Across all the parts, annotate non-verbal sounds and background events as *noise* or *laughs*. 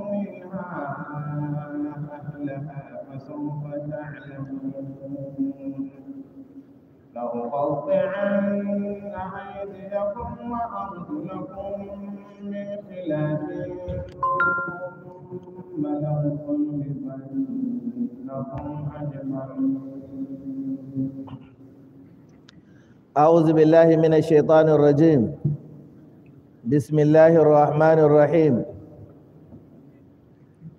أهلها فسوف تعلمون لأقطعن أيديكم وأرجلكم من خلاف ثم لأصلبنكم أجمعين أعوذ بالله من الشيطان الرجيم بسم الله الرحمن الرحيم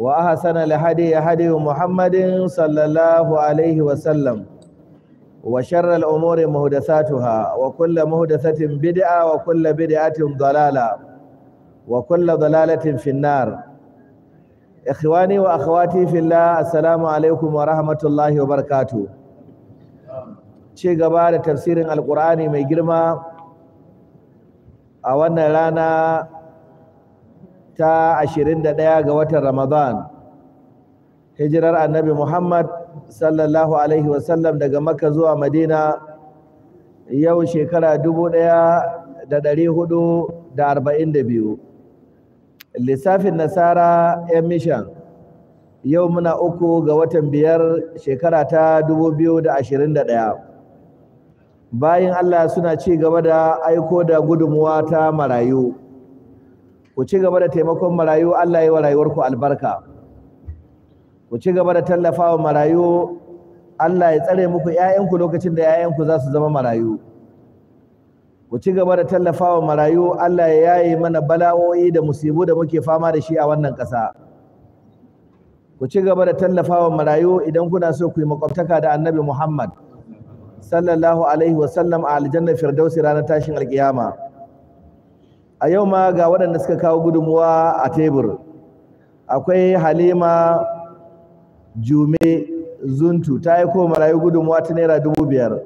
وأحسن الهدي هدي محمد صلى الله عليه وسلم وشر الأمور مهدثاتها وكل مهدثة بدعة وكل بدعة ضلالة وكل ضلالة في النار إخواني وأخواتي في الله السلام عليكم ورحمة الله وبركاته شيء قبار تفسير القرآن ميجرما أولا لنا ta 21 ga watan Ramadan hijirar annabi Muhammad sallallahu alaihi wasallam daga Makka zuwa Madina yau shekara 1442 lissafin nasara yan mishan yau muna uku ga watan biyar shekara ta 2021 bayan Allah suna ci gaba da aiko da gudunmuwa ta marayu ku ci gaba da taimakon marayu Allah ya wa rayuwarku albarka ku ci gaba da tallafawa marayu Allah ya tsare muku ƴaƴanku lokacin da ƴaƴanku za su zama marayu ku ci gaba da tallafawa marayu Allah ya yaye mana bala'o'i da musibu da muke fama da shi a wannan ƙasa ku ci gaba da tallafawa marayu idan kuna so ku yi makwabtaka da Annabi Muhammad sallallahu alaihi wasallam a aljanna firdausi ranar tashin alkiyama a yau ma ga waɗanda suka kawo gudunmuwa a tebur akwai halima jume zuntu ta aiko marayu gudunmuwa ta naira dubu biyar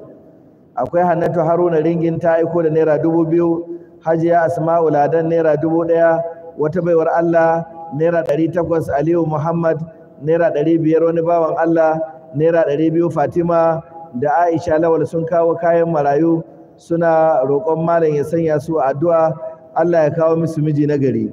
akwai hannatu haruna ringin ta aiko da naira dubu biyu hajiya asma'u ladan naira dubu ɗaya wata baiwar allah naira ɗari takwas aliyu muhammad naira ɗari biyar wani bawan allah naira ɗari biyu fatima da aisha lawal sun kawo kayan marayu suna roƙon malam ya sanya su addu'a Allah ya kawo musu miji na gari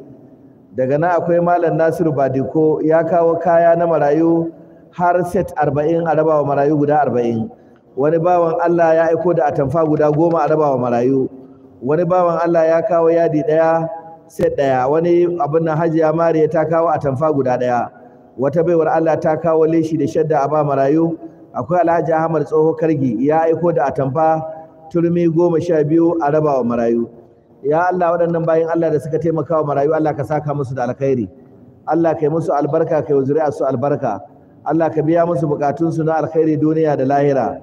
daga nan akwai malam Nasir Badiko ya kawo kaya na marayu har set 40 a rabawa marayu guda 40 wani bawan Allah ya aiko da atamfa guda goma a rabawa marayu wani bawan Allah ya kawo yadi ɗaya set ɗaya. wani abin nan Hajiya Mariya ta kawo atamfa guda ɗaya. wata baiwar Allah ta kawo leshi da shadda a ba marayu akwai Alhaji Ahmad Tsoho Kargi ya aiko da atamfa turmi goma sha biyu a rabawa marayu ya Allah waɗannan bayan Allah da suka taimaka wa marayu Allah ka saka musu da alkhairi Allah ka yi musu albarka ka yi su albarka Allah ka biya musu bukatunsu na alkhairi duniya da lahira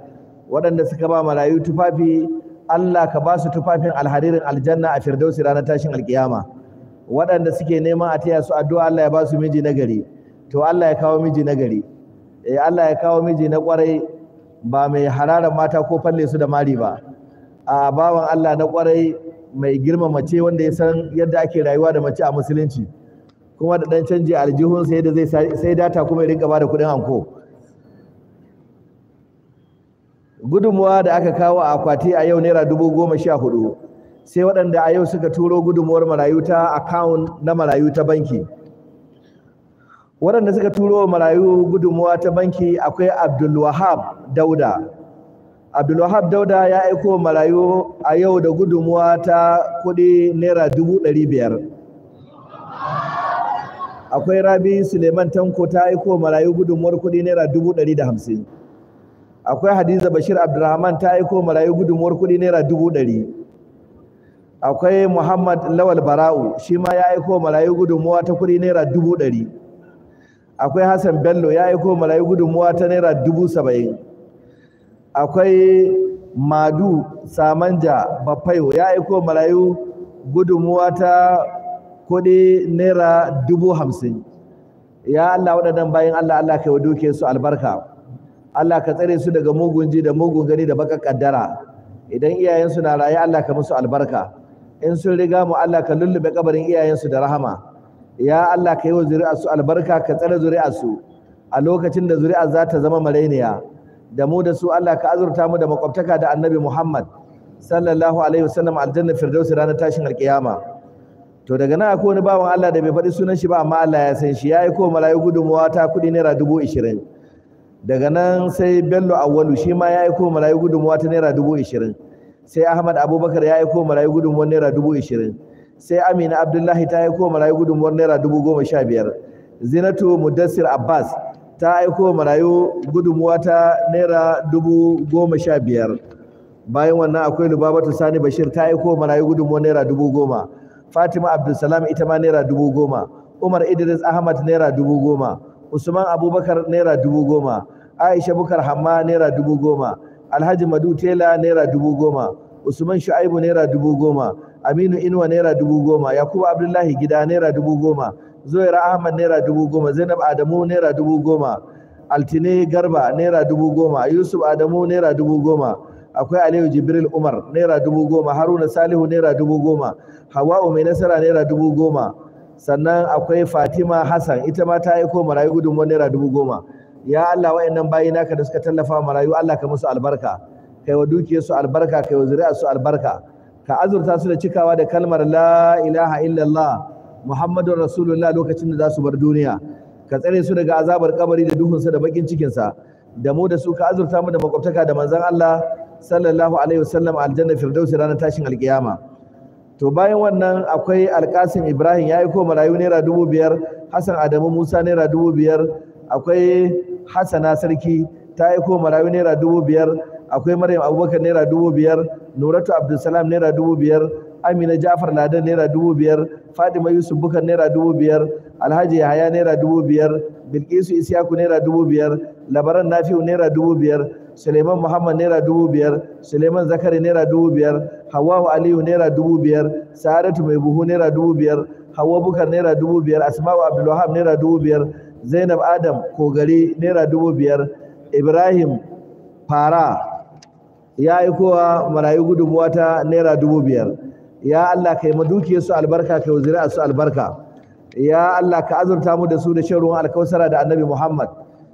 waɗanda suka ba marayu tufafi Allah ka ba su tufafin alharirin aljanna a firdausi ranar tashin alkiyama waɗanda suke neman a taya su addu'a Allah ya ba su miji na gari to Allah ya kawo miji na gari eh Allah ya kawo miji na kwarai ba mai hararar mata ko falle su da mari ba a bawan Allah na kwarai mai girma mace wanda ya san yadda ake rayuwa da mace a musulunci kuma da dan canji aljihun sai da zai sai data kuma ya rinka bada kuɗin anko gudunmuwa da aka kawo a akwati a yau naira dubu goma sha hudu sai waɗanda a yau suka turo gudunmuwar marayu ta akawun na marayu ta banki waɗanda suka turo marayu gudunmuwa ta banki akwai abdulwahab dauda Abdulwahab Dauda ya aiko marayu a yau da gudunmuwa ta kuɗi naira dubu ɗari biyar. Akwai Rabi Suleiman Tanko ta aiko marayu gudunmuwar kuɗi naira dubu ɗari da hamsin. Akwai Hadiza Bashir Abdulrahman ta aiko marayu gudunmuwar kuɗi naira dubu ɗari. Akwai Muhammad Lawal Bara'u shi ma ya aiko marayu gudunmuwa ta kuɗi naira dubu ɗari. Akwai Hassan Bello ya aiko marayu gudunmuwa ta naira dubu saba'in. akwai madu samanja bafayo ya aiko marayu gudunmuwa ta kudi naira dubu hamsin ya Allah waɗannan bayan Allah Allah ka yi duke su albarka Allah ka tsare su daga mugun ji da mugun gani da baka kaddara idan iyayensu na raye Allah ka musu albarka in sun riga mu Allah ka lullube kabarin iyayensu da rahama ya Allah ka yi wa zuri'arsu albarka ka tsare zuri'arsu a lokacin da zuri'a za ta zama marainiya da mu da su Allah ka azurta mu da makwabtaka da annabi Muhammad sallallahu alaihi wasallam aljanna firdausi ranar tashin alkiyama to daga nan akwai wani bawan Allah da bai faɗi sunan shi ba amma Allah ya san shi ya yi ko malayu gudunmuwa ta kuɗi naira dubu ishirin daga nan sai bello awwalu shi ma ya yi ko malayu gudunmuwa ta naira dubu ishirin sai ahmad abubakar ya yi ko malayu gudunmuwa naira dubu ishirin sai amina abdullahi ta yi ko malayu gudunmuwa naira dubu goma sha biyar zinatu mudassir abbas ta aiko marayu gudunmuwa ta naira dubu goma sha biyar bayan wannan akwai lubabatu sani bashir ta aiko marayu gudunmuwa naira dubu goma fatima abdulsalam ita ma naira dubu goma umar idris ahmad naira dubu goma usman abubakar naira dubu goma aisha bukar hamma naira dubu goma alhaji madu tela naira dubu goma usman shu'aibu naira dubu goma aminu inuwa naira dubu goma yakubu abdullahi gida naira dubu goma zuwaira ahmad naira dubu goma zainab adamu naira dubu goma altine garba naira dubu goma yusuf adamu naira dubu goma akwai aliyu jibril umar naira dubu goma haruna salihu naira dubu goma hawa'u mai nasara naira dubu goma sannan akwai fatima hassan ita ma ta aiko marayu gudunmuwa naira dubu goma ya allah wa'annan bayi naka da suka tallafa marayu allah ka musu albarka kai wa dukiyarsu albarka kai wa zuri'arsu albarka ka azurta su da cikawa da kalmar la ilaha illallah Muhammadu Rasulullah lokacin da za su bar duniya ka tsare su daga azabar kabari da duhun sa da bakin cikin sa da mu da su ka azurta mu da makwabtaka da manzon Allah sallallahu alaihi wasallam aljanna firdausi ranar tashin alkiyama to bayan wannan akwai alkasim ibrahim ya aiko marayu naira dubu biyar hassan adamu musa naira dubu biyar akwai hassana sarki ta aiko marayu naira dubu biyar akwai maryam abubakar naira dubu biyar nuratu abdulsalam naira dubu biyar amina jafar ladan naira dubu biyar fatima yusuf bukar naira dubu biyar alhaji yahaya naira dubu biyar bilkisu Isiyaku naira dubu biyar labaran nafi'u naira dubu biyar suleiman muhammad naira dubu biyar suleiman zakari naira dubu biyar hawahu aliyu naira dubu biyar sa'adatu mai buhu naira dubu biyar hawa bukar naira dubu biyar asma'u abdulwahab naira dubu biyar zainab adam kogari naira dubu biyar ibrahim fara ya aikowa marayu gudunmuwa ta naira dubu biyar ya Allah kai ma su albarka ka wa su albarka ya Allah ka azurta mu da su da shan ruwan alkausara da annabi Muhammad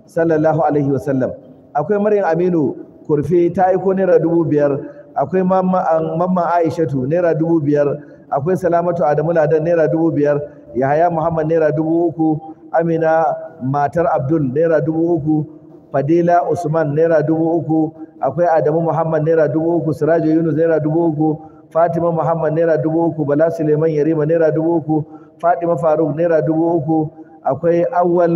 sallallahu alaihi wa sallam akwai Maryam Aminu kurfi ta aiko naira dubu biyar akwai mamma Aishatu naira dubu biyar akwai Salamatu Adamu Ladan naira dubu biyar Yahaya Muhammad naira dubu uku Amina matar Abdul naira dubu uku Fadila Usman naira dubu uku akwai Adamu Muhammad naira dubu uku Sirajo Yunus naira dubu uku fatima muhammad naira dubu uku bala suleiman yarima naira dubu uku fatima faruk naira dubu uku akwai Awal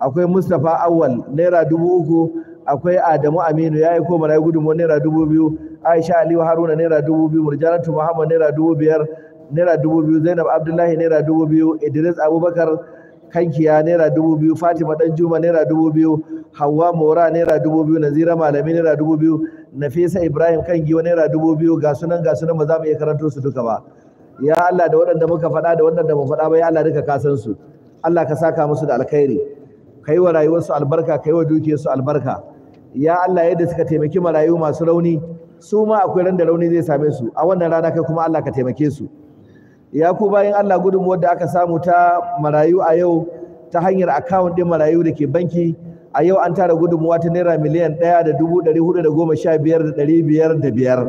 akwai mustapha awwal naira dubu uku akwai adamu aminu ya yi koma na yi gudunmu naira dubu biyu aisha aliyu haruna naira dubu biyu murjanatu muhammad naira dubu biyar naira dubu biyu zainab abdullahi naira dubu biyu idris abubakar kankiya naira dubu biyu fatima Danjuma naira dubu biyu hawa mora naira dubu biyu nazira malami naira dubu biyu nafisa ibrahim kan giwa naira dubu biyu ga sunan ga sunan ba za mu iya karanto su duka ba ya allah da waɗanda muka faɗa da waɗanda mu faɗa ba ya allah duka ka san su allah ka saka musu da alkhairi Kai wa wa rayuwarsu albarka kai wa wa dukiyarsu albarka ya allah yadda suka taimaki marayu masu rauni su ma akwai ran da rauni zai same su a wannan rana kai kuma allah ka taimake su ya ku bayan allah gudunmuwar da aka samu ta marayu a yau ta hanyar akawun ɗin marayu da ke banki a yau an tara gudunmuwa ta naira miliyan ɗaya da dubu ɗari hudu da goma sha biyar da ɗari biyar da biyar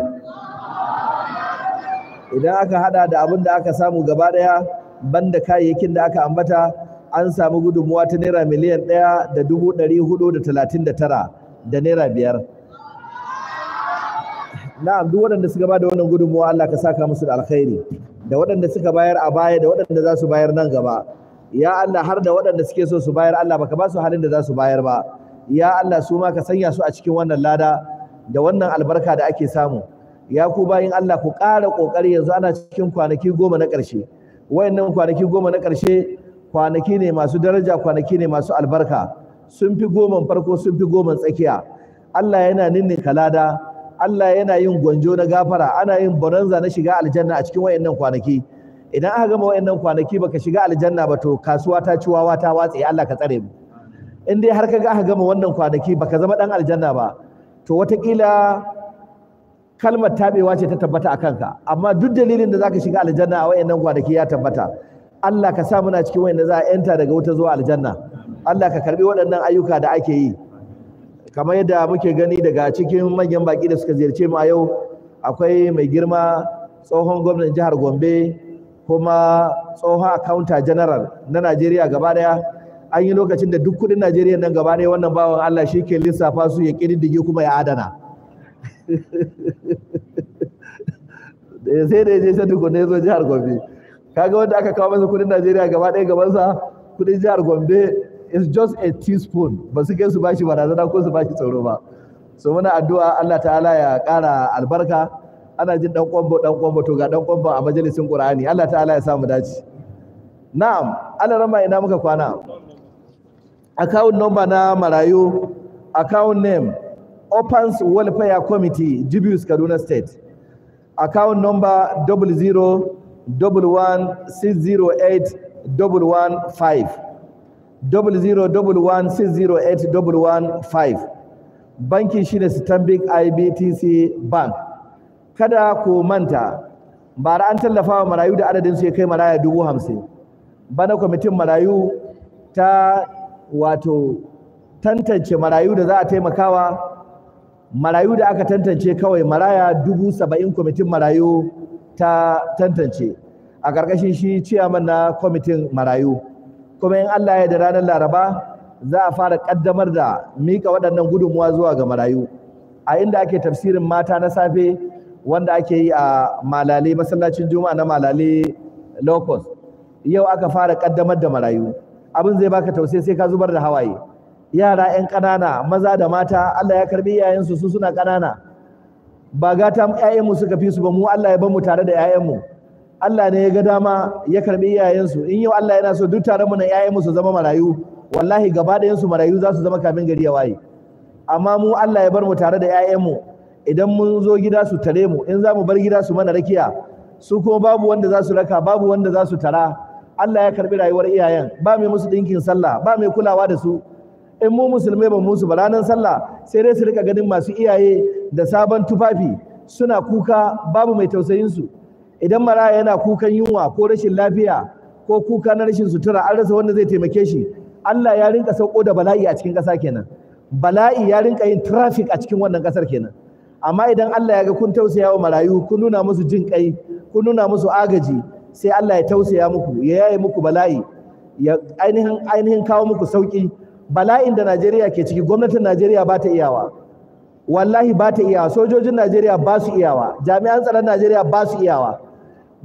idan aka hada da abin da aka samu gaba ɗaya banda kayayyakin da aka ambata an samu gudunmuwa ta naira miliyan ɗaya da dubu ɗari hudu da talatin da tara da naira biyar na'am duk waɗanda suka ba da wannan gudunmuwa Allah ka saka musu da alkhairi da waɗanda suka bayar a baya da waɗanda za su bayar nan gaba ya Allah har da waɗanda suke so su bayar Allah baka ba su halin da za su bayar ba ya Allah su ma ka sanya su a cikin wannan lada da wannan albarka da ake samu ya ku bayin Allah ku ƙara ƙoƙari yanzu ana cikin kwanaki goma na ƙarshe wayannan kwanaki goma na ƙarshe kwanaki ne masu daraja kwanaki ne masu albarka sun fi goman farko sun fi goman tsakiya Allah yana ninne kalada Allah yana yin gwanjo na gafara ana yin bonanza na shiga aljanna a cikin wayannan kwanaki idan aka gama wayannan kwanaki baka shiga aljanna ba to kasuwa ta ciwawa ta watse Allah ka tsare mu in dai har kaga aka gama wannan kwanaki baka zama dan aljanna ba to watakila kalmar tabewa ce ta tabbata a kanka amma duk dalilin da zaka shiga aljanna a wayannan kwanaki ya tabbata Allah ka sa muna cikin wayanda za a yanta daga wuta zuwa aljanna Allah ka karbi waɗannan ayyuka da ake yi kamar yadda muke gani daga cikin manyan baki da suka ziyarce mu a yau akwai mai girma tsohon gwamnan jihar Gombe kuma tsohon accountant general na Najeriya gaba daya an yi lokacin da duk kudin Najeriya nan gaba daya wannan bawan Allah shi ke lissafa su ya kididdige kuma ya adana sai da je sai duk ne zo jihar Gombe kaga wanda aka kawo masa kudin Najeriya gaba daya gaban sa kudin jihar Gombe is just a teaspoon ba su kai su bashi barazana ko su bashi tsaro ba so muna addu'a Allah ta'ala ya ƙara albarka ana jin dan kwambo dan kwambo to ga dan kwambo a majalisin Qur'ani Allah ta'ala ya samu dace na'am Allah rama ina muka kwana account number na marayu account name Opens Welfare Committee Jibius Kaduna State account number 0016081115 0016081115 banki shine Stanbic IBTC Bank kada ku manta ba bara an tallafa wa marayu da adadin su ya kai maraya dubu hamsin bana kwamitin marayu ta wato tantance marayu da za a taimakawa marayu da aka tantance kawai maraya dubu saba'in kwamitin marayu ta tantance a ƙarƙashin shi ciyaman na kwamitin marayu kuma in Allah ya da ranar laraba za a fara ƙaddamar da mika waɗannan gudunmuwa zuwa ga marayu a inda ake tafsirin mata na safe wanda ake yi a malale masallacin juma'a na malale locus yau aka fara kaddamar da marayu abin zai baka tausayi sai ka zubar da hawaye yara 'yan ƙanana maza da mata Allah ya karbi iyayensu su suna ƙanana ba gata mu suka fi su ba mu Allah ya bar mu tare da mu. Allah ne ya ga dama ya karbi iyayensu in yau Allah yana so duk tare mu na mu su zama marayu wallahi gaba da yansu marayu za su zama kamin gari ya waye amma mu Allah ya bar mu tare da mu. idan mun zo gida su tare mu in za mu bar gida su mana rakiya su kuma babu wanda za su raka babu wanda za su tara Allah ya karbi rayuwar iyayen ba mai musu dinkin sallah ba mai kulawa da su in mu musulmai ba musu ba ranar sallah sai dai su rika ganin masu iyaye da sabon tufafi suna kuka babu mai tausayin su idan maraya yana kukan yunwa ko rashin lafiya ko kuka na rashin sutura an rasa wanda zai taimake shi Allah ya rinka sauko da bala'i a cikin ƙasa kenan bala'i ya rinka yin traffic a cikin wannan ƙasar kenan amma idan Allah ya ga kun tausaya wa marayu kun nuna musu jin kai kun nuna musu agaji sai Allah ya tausaya muku ya yaye muku bala'i ya ainihin ainihin kawo muku sauki bala'in da Najeriya ke ciki gwamnatin Najeriya ba ta iyawa wallahi ba ta iyawa sojojin Najeriya ba su iyawa jami'an tsaron Najeriya ba su iyawa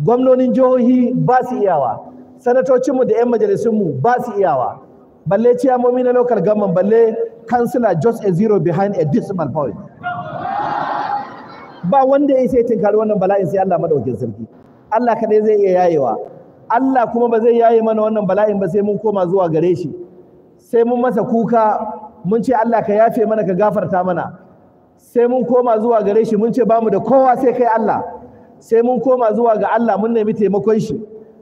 gwamnonin jihohi ba su iyawa sanatocinmu da 'yan majalisunmu ba su iyawa balle ciyamomi na local government balle kansila just a zero behind a decimal point ba wanda ya sai tinkari wannan bala'in sai Allah madaukin sarki Allah kadai zai iya yayewa Allah kuma ba zai yaye mana wannan bala'in ba sai mun koma zuwa gare shi sai mun masa kuka mun ce Allah ka yafe mana ka gafarta mana sai mun koma zuwa gare shi mun ce ba mu da kowa sai kai Allah sai mun koma zuwa ga Allah mun nemi taimakon shi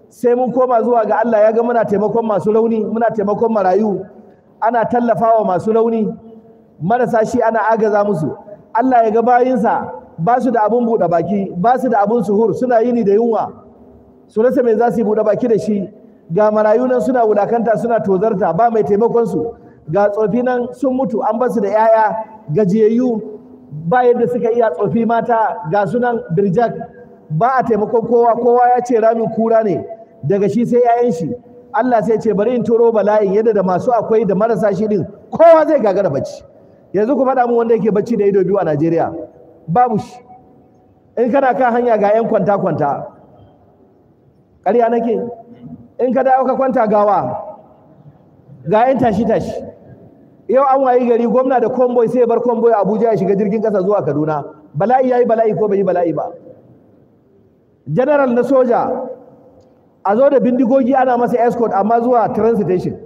sai mun koma zuwa ga Allah ya ga muna taimakon masu rauni muna taimakon marayu ana tallafawa masu rauni marasa shi ana agaza musu Allah ya ga bayinsa ba su da abun buɗe baki ba su da abun suhur suna yini da yunwa su rasa mai za su yi buɗe baki da shi ga marayu nan suna wulakanta suna tozarta ba mai taimakon su ga tsofi nan sun mutu an ba su da 'ya'ya gajiyayyu ba yadda suka iya tsofi mata ga sunan birjak ba a taimakon kowa kowa ya ce ramin kura ne daga shi sai 'ya'yan shi Allah sai ce bari in turo bala'in yadda da masu akwai da marasa shi din kowa zai gagara bacci yanzu ku faɗa mu wanda yake bacci da ido biyu a Najeriya babu shi in kana kan hanya ga 'yan kwanta-kwanta ƙarya nake in ka dawo ka kwanta gawa ga 'yan tashi-tashi yau an wayi gari gwamna da komboi sai bar konboy abuja ya shiga jirgin ƙasa zuwa kaduna bala'i ya yi bala'i ko bai yi bala'i ba general na soja a zo da bindigogi ana masa escort amma zuwa transitation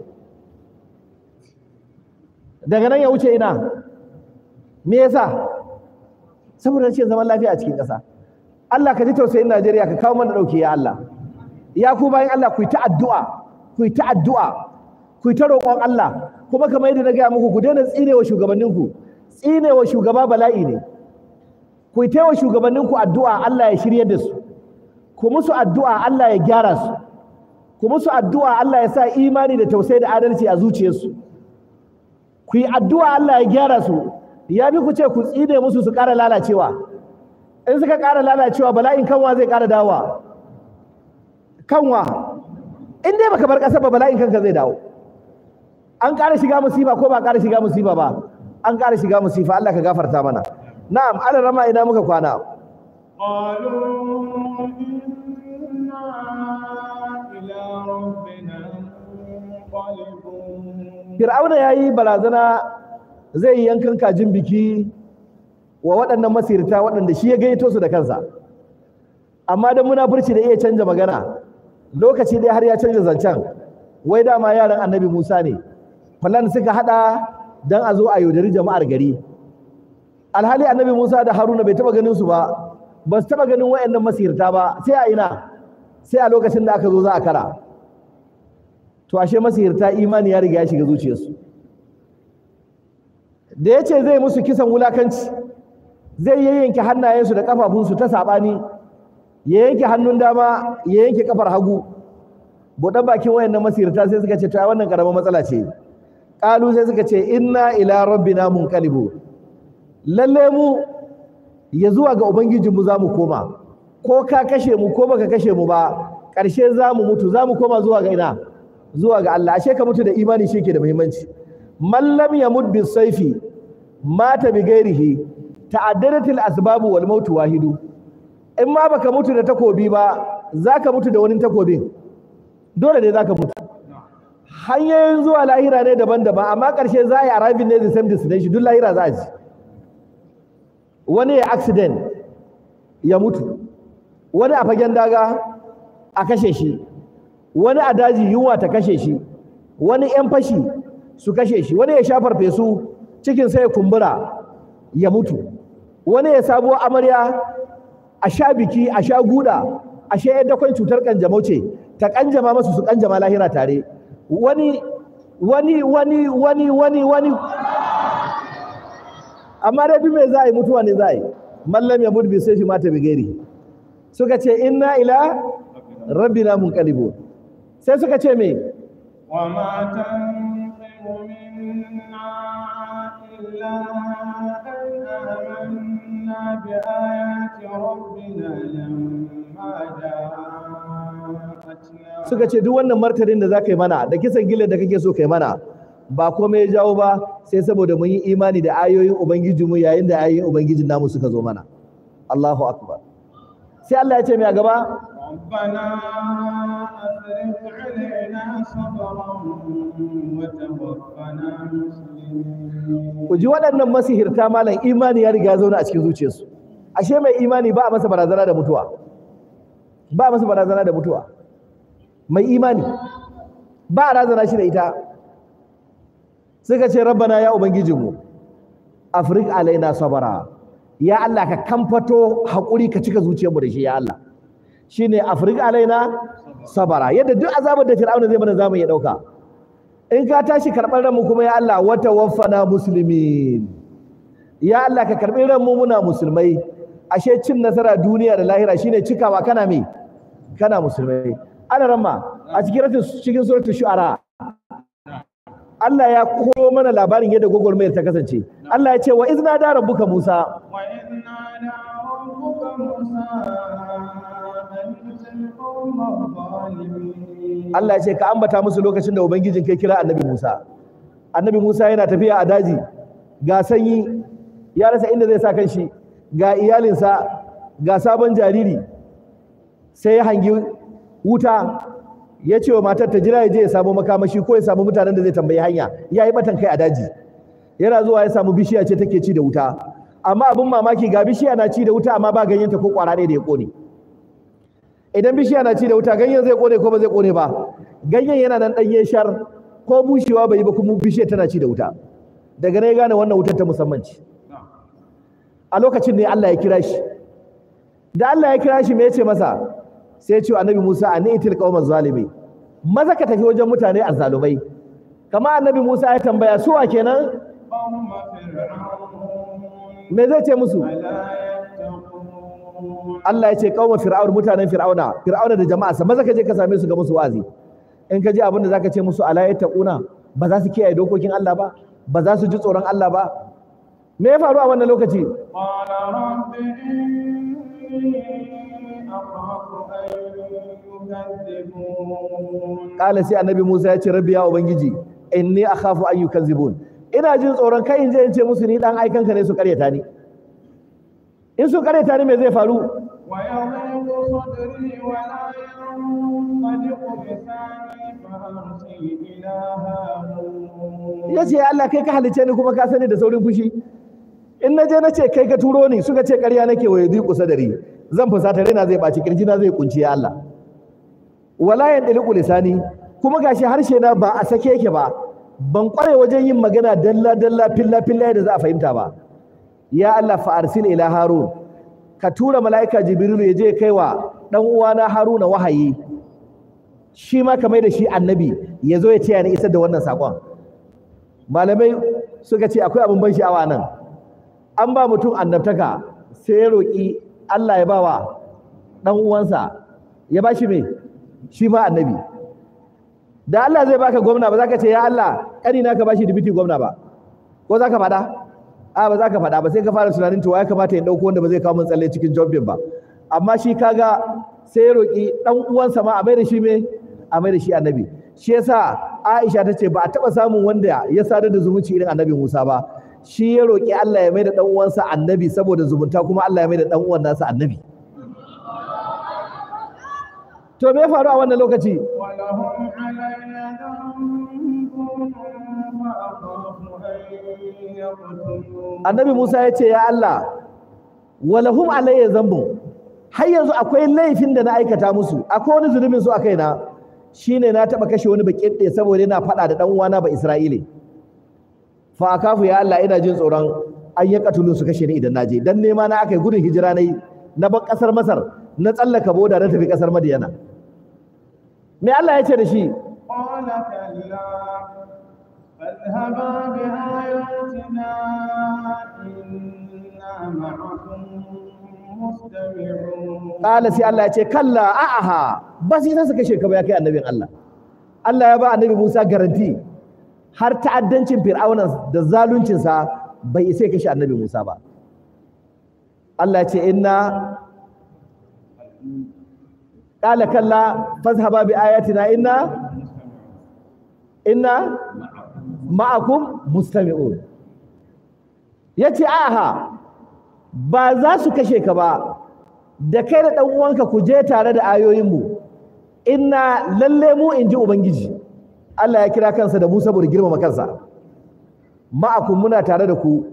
daga nan ya wuce ina me yasa saboda rashin zaman lafiya a cikin ƙasa Allah ka ji tausayin Najeriya ka kawo mana ɗauki ya Allah ya ku bayan Allah ku yi ta addu'a ku yi ta addu'a ku yi ta roƙon Allah kuma kamar yadda na gaya muku ku daina tsinewa shugabanninku tsinewa shugaba bala'i ne ku yi taiwa shugabanninku addu'a Allah ya shirya da su ku musu addu'a Allah ya gyara su ku musu addu'a Allah ya sa imani da tausayi da adalci a zuciyarsu ku yi addu'a Allah ya gyara su ya bi ku ce ku tsine musu su ƙara lalacewa in suka ƙara lalacewa bala'in kanwa zai ƙara dawa kanwa in dai baka bar ƙasar ba bala'in kanka zai dawo an ƙara shiga musiba ko ba ƙara shiga musiba ba an ƙara shiga musifa Allah ka gafarta mana na'am ala rama ina muka kwana Fir'auna ya yi barazana zai yi yankan kajin biki wa waɗannan masirta waɗanda shi ya gaito su da kansa amma da munafurci da iya canja magana lokaci dai har ya canja zancen wai dama yaran annabi musa ne falan suka haɗa don a zo a yaudari jama'ar gari alhali annabi musa da haruna bai taɓa ganin su ba ba su taɓa ganin waɗannan masirta ba sai a ina sai a lokacin da aka zo za a kara to ashe masirta imani ya riga ya shiga zuciyarsu da ya ce zai musu kisan wulakanci zai yanke hannayensu da ƙafafunsu ta saɓani ya yanke hannun dama ya yanke ƙafar hagu buɗe bakin wayannan masirta sai suka ce ta wannan ƙaramin matsala ce ƙalu sai suka ce inna ila rabbina munqalibu lalle mu ya zuwa ga mu za mu koma ko ka kashe mu ko baka kashe mu ba ƙarshe za mu mutu za mu koma zuwa ga ina zuwa ga Allah ashe ka mutu da imani shi ke da muhimmanci mallam ya mud mata bi gairihi ta'addadatil asbabu wal mautu wahidu in ma baka mutu da takobi ba zaka mutu da wani takobin dole ne zaka mutu hanyoyin zuwa lahira ne daban-daban amma karshe za a yi arabin ne the same destination duk lahira za a ji wani ya accident ya mutu wani a fagen daga a kashe shi wani a daji yunwa ta kashe shi wani 'yan fashi su kashe shi wani ya shafar fesu cikin sai kumbura ya mutu wani ya sabo amarya a sha biki a sha guda a sha yadda kwan cutar kanjamau ce ta kanjama masu su kanjama lahira tare wani wani wani wani wani wani amma dai duk mai za a yi mutuwa ne za a yi mallam ya mutu sai shi mata bigeri suka ce inna ila rabbina munqalibun sai suka ce me wa matan suka ce duk wannan martanin da za ka yi mana da kisan gillar da kake so ka yi mana ba komai ya jawo ba sai saboda mun yi imani da ayoyin ubangijinmu yayin da ayoyin ubangijin namu suka zo mana Allahu akbar sai Allah ya ce mai a gaba ربنا أفرغ علينا صبرا وتوفنا مسلمين وجي waɗannan masihirta malam imani ya riga zauna a cikin zuciyarsu ashe mai imani ba a masa barazana da mutuwa ba a masa barazana da mutuwa mai imani ba a razana shi da ita suka ce rabbana ya ubangijinmu afrik alaina sabara ya Allah ka kamfato hakuri ka cika zuciyarmu da shi ya Allah shine afrika alaina sabara yadda duk azabar da fir'auna zai mana zamu ya dauka in ka tashi karɓar ranmu kuma ya Allah wa tawaffana muslimin ya Allah ka karɓi ranmu muna musulmai ashe cin nasara duniya da lahira shine cikawa kana me kana musulmai ana ramma a cikin cikin suratul shu'ara Allah ya koyo mana labarin yadda gwagwarmayar ta kasance Allah ya ce wa izna da rabbuka Musa wa izna da rabbuka Musa Allah ya ce ka ambata musu lokacin da ubangijin kai kira annabi Musa annabi Musa yana tafiya a daji ga sanyi ya rasa inda zai sa kanshi ga iyalinsa ga sabon jariri sai ya hangi wuta ya ce wa matar ta jira ya je ya samu makamashi ko ya samu mutanen da zai tambayi hanya ya yi batan kai a daji yana zuwa ya samu bishiya ce take ci da wuta amma abin mamaki ga bishiya na ci da wuta amma ba ganyenta ko kwara ne da ya kone idan bishiya na ci da wuta ganyen zai kone ko ba zai kone ba ganyen yana nan ɗanye shar ko bushewa bai yi ba kuma bishiya tana ci da wuta daga nan ya gane wannan wutar ta musamman ce a lokacin ne Allah ya kira shi da Allah ya kira shi me yace masa sai ya ce annabi Musa ani itil zalimi maza ka tafi wajen mutane azzalumai kama annabi Musa ya tambaya su wa kenan me zai ce musu Allah ya ce kawo fir'aun mutanen fir'auna fir'auna da jama'arsa maza ka je ka same su ga musu wazi in ka je abin da zaka ce musu ala taquna ba za su kiyaye dokokin Allah ba ba za su ji tsoron Allah ba me ya faru a wannan lokaci qala sai annabi Musa ya ce rabbi ya ubangiji inni akhafu an yukazzibun ina jin tsoron kai in je in ce musu ni dan aikanka ne su karyata ni in sun kare tare me zai faru ya ce Allah kai ka halice ni kuma ka sani da saurin fushi in na je na ce kai ka turo ni suka ce ƙarya nake wa yadi kusa dari zan fusata raina zai kirji na zai kunci ya Allah wala ya daliku lisani kuma gashi harshe na ba a sake yake ba ban ƙware wajen yin magana dalla dalla filla filla da za a fahimta ba ya Allah fa arsil ila harun ka tura mala'ika jibrilu ya je kai wa dan uwana haruna wahayi shi ma ka da shi annabi ya zo ya ce ya ni isar da wannan sakon malamai suka ce akwai abin ban sha'awa nan an ba mutum annabtaka sai ya roƙi Allah ya bawa dan uwansa ya ba shi me shi ma annabi da Allah zai baka gwamna ba za ka ce ya Allah ƙani na ka bashi dubiti gwamna ba ko za ka faɗa a ba za ka faɗa ba sai ka fara tunanin cewa ya kamata ya ɗauko wanda ba zai kawo min tsalle cikin jobbin ba amma shi kaga sai ya roƙi ɗan uwansa ma a mai da shi me a mai da shi annabi shi yasa Aisha ta ce ba a taɓa samun wanda ya sadar da zumunci irin annabi Musa ba shi ya roƙi Allah ya mai da ɗan uwansa annabi saboda zumunta kuma Allah ya mai da ɗan uwan nasa annabi to me ya faru a wannan lokaci annabi Musa ya ce ya Allah walahum alayya zambun har yanzu akwai laifin da na aikata musu akwai wani zunubin su a kaina shine na taba kashe wani bakin ɗaya saboda yana faɗa da ɗan uwana ba Isra'ile fa akafu ya Allah ina jin tsoron an yi katulu su kashe ni idan na naje dan nema na akai gudun hijira nayi na bar ƙasar Masar na tsallaka boda na tafi ƙasar Madiyana me Allah ya ce da shi فاذهبا بآياتنا إنا معكم مستمعون قال سي الله يتي كلا أعها بس إذا سكشك يا كي النبي الله Allah ya ba annabi Musa garanti har ta'addancin Fir'auna da zaluncinsa bai isa kashe annabi Musa ba Allah ce inna qala kalla fazhaba bi ayatina inna inna ma'akum mustami'un yace aha ba za su kashe ka ba da kai da dan uwanka ku je tare da ayoyinmu inna lalle mu inji ubangiji Allah ya kira kansa da mu saboda girmama kansa ma'akum muna tare da ku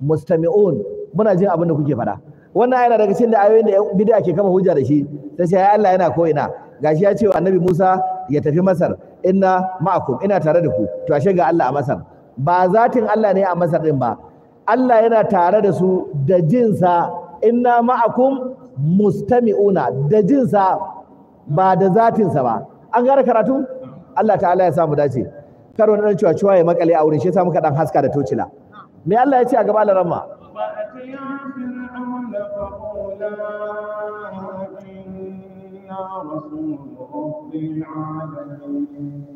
mustami'un muna jin abin da kuke faɗa wannan yana daga cikin da ayoyin da bid'a ke kama hujja da shi sai ya Allah yana ko ina gashi ya ce wa Annabi Musa ya tafi Masar inna ma'akum ina tare da ku to ashe ga Allah a Masar ba zatin Allah ne a Masar din ba Allah yana tare da su da jinsa inna ma'akum mustami'una da jinsa ba da zatinsa ba an gara karatu Allah ta'ala ya samu dace karo na dan cewa cewa ya makale a wurin shi ya muka dan haska da tocila me Allah ya ce a gaba larama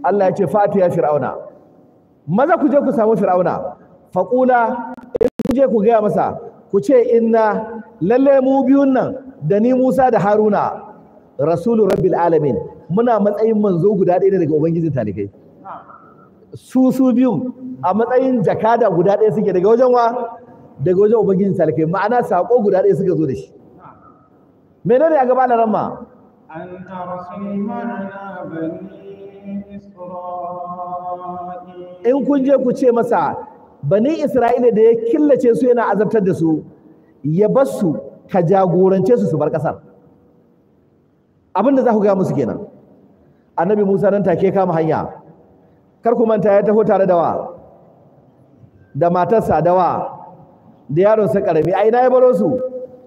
Allah ya ce fati ya fir'auna maza ku je ku samu fir'auna faƙula in ku je ku gaya masa ku ce inna lalle mu biyun nan da ni Musa da Haruna rasulu rabbil alamin muna matsayin manzo guda ɗaya daga ubangijin talikai su su biyun a matsayin jakada guda ɗaya suke daga wajen wa daga wajen ubangijin talikai ma'ana saƙo guda ɗaya suka zo da shi menene a gaba da ramma In أرسل معنا بني إسرائيل إن كنت bani Isra'ila da ya killace su yana azabtar da su ya bar su ka jagorance su su bar ƙasar. Abinda za ku gaya musu kenan annabi Musa nan take kama hanya kar ku manta ya taho tare da wa da matarsa da da yaron sa karami a ina ya baro su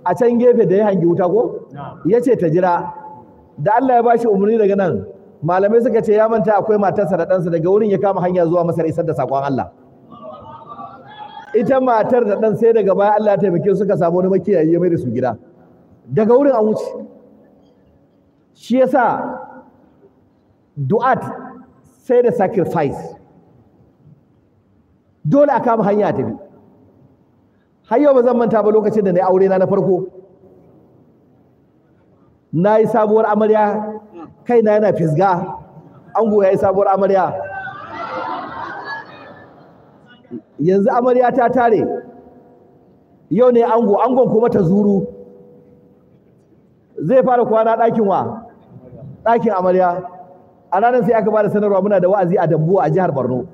a can gefe da ya hangi wuta ko ya ce ta jira da Allah ya bashi umarni daga nan malamai suka ce ya manta akwai matarsa da ɗansa daga wurin ya kama hanya zuwa masar isar da sakon Allah ita matar da ɗan sai daga baya Allah ya taimake suka samu wani makiyayi ya mai da su gida daga wurin an wuce shi yasa du'at sai da sacrifice dole a kama hanya a tafi har yau ba zan manta ba lokacin da na aure na na farko na yi sabuwar amarya kaina yana fisga ango ya yi sabuwar amarya yanzu amarya ta tare yau ne ango angon kuma ta zuru zai fara kwana ɗakin wa ɗakin amarya a ranar sai aka ba da sanarwa muna da wa'azi a dambuwa a jihar borno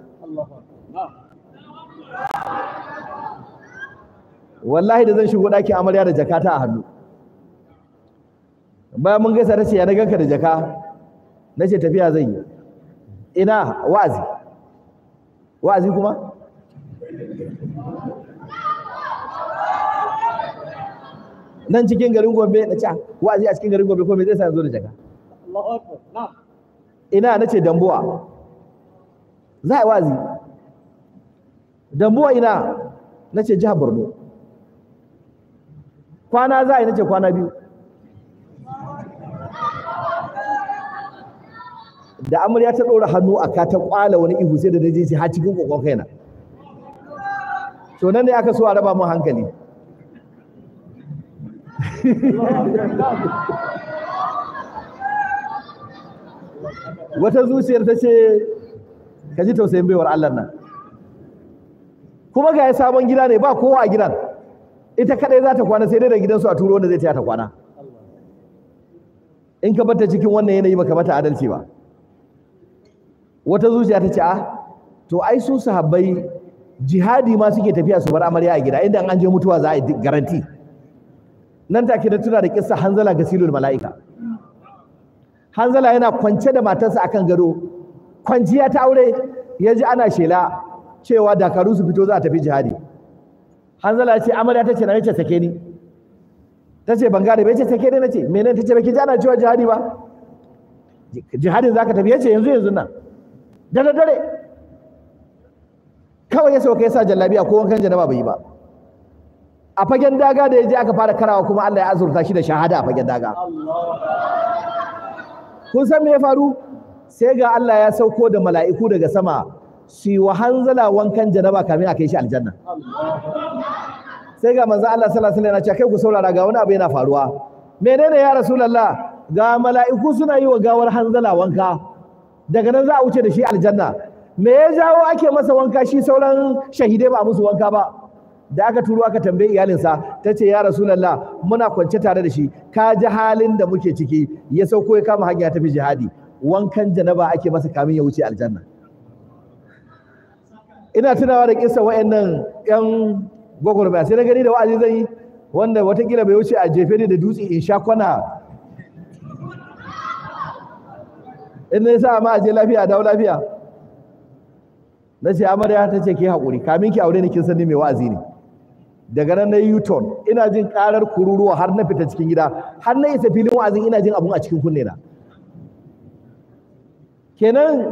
wallahi da zan shigo ɗakin amarya da jakata a hannu bayan mun gaisa nace ya na ganka da jaka nace tafiya zan yi ina wa'azi wa'azi kuma nan cikin garin Gombe na ce ah, a cikin garin Gombe ko me zai sa zo da jaka ina nace dambuwa za a wa'azi dambuwa ina nace jihar Borno kwana za a yi nace kwana biyu da amarya ta ɗora hannu a ka ta ƙwala wani ihu sai da na je shi har cikin ƙoƙon kaina to nan ne aka so a raba mu hankali *laughs* wata zuciyar ta ce ka ji tausayin baiwar Allah nan kuma ga sabon gida ne ba kowa a gidan ita kadai za ta kwana sai dai da gidansu a turo wanda zai taya ta kwana in ka bata cikin wannan yanayi baka mata adalci ba wata zuciya ta ce a ah, to ai su sahabbai jihadi ma suke tafiya su bar amarya a gida inda an je mutuwa za a garanti nan take da tuna da kissa hanzala ga silul mala'ika hanzala yana kwance da matarsa akan gado kwanciya ta aure ya ji ana shela cewa dakaru su fito za a tafi jihadi hanzala ya ce amarya ta ce na ce sake ni ta ce ban gane ba ya ce sake ni na ce menene ta ce ba ki ji ana cewa jihadi ba jihadin za ka tafi ya ce yanzu yanzu nan da dare kawai ya sauka ya sa jallabiya ko wankan janaba bai yi ba a fagen daga da ya je aka fara karawa kuma Allah ya azurta shi da shahada a fagen daga kun san me ya faru sai ga Allah ya sauko da mala'iku daga sama su yi wa hanzala wankan janaba kamin a kai shi aljanna sai ga manzo Allah sallallahu alaihi wasallam ya ce kai ku saurara ga wani abu yana faruwa menene ya rasulullah ga mala'iku suna yi wa gawar hanzala wanka daga nan za a wuce da shi aljanna me ya jawo ake masa wanka shi sauran shahidai ba musu wanka ba da aka turo aka tambaye iyalinsa ta ce ya rasulallah muna kwance tare da shi ka ji halin da muke ciki ya sauko ya kama hanya tafi jihadi wankan janaba ake masa kamin ya wuce aljanna ina tunawa da kissa wayannan yan gwagwarmaya sai na gani da wa'azi zan yi wanda watakila bai wuce a jefe ni da dutse in sha kwana in na sa ma a je lafiya dawo lafiya na ce amarya ta ce ke hakuri, kamin ki aure ni kin san ni mai wa'azi ne daga nan na yi turn ina jin karar kururuwa har na fita cikin gida har na isa filin wa'azin ina jin abun a cikin kunne na kenan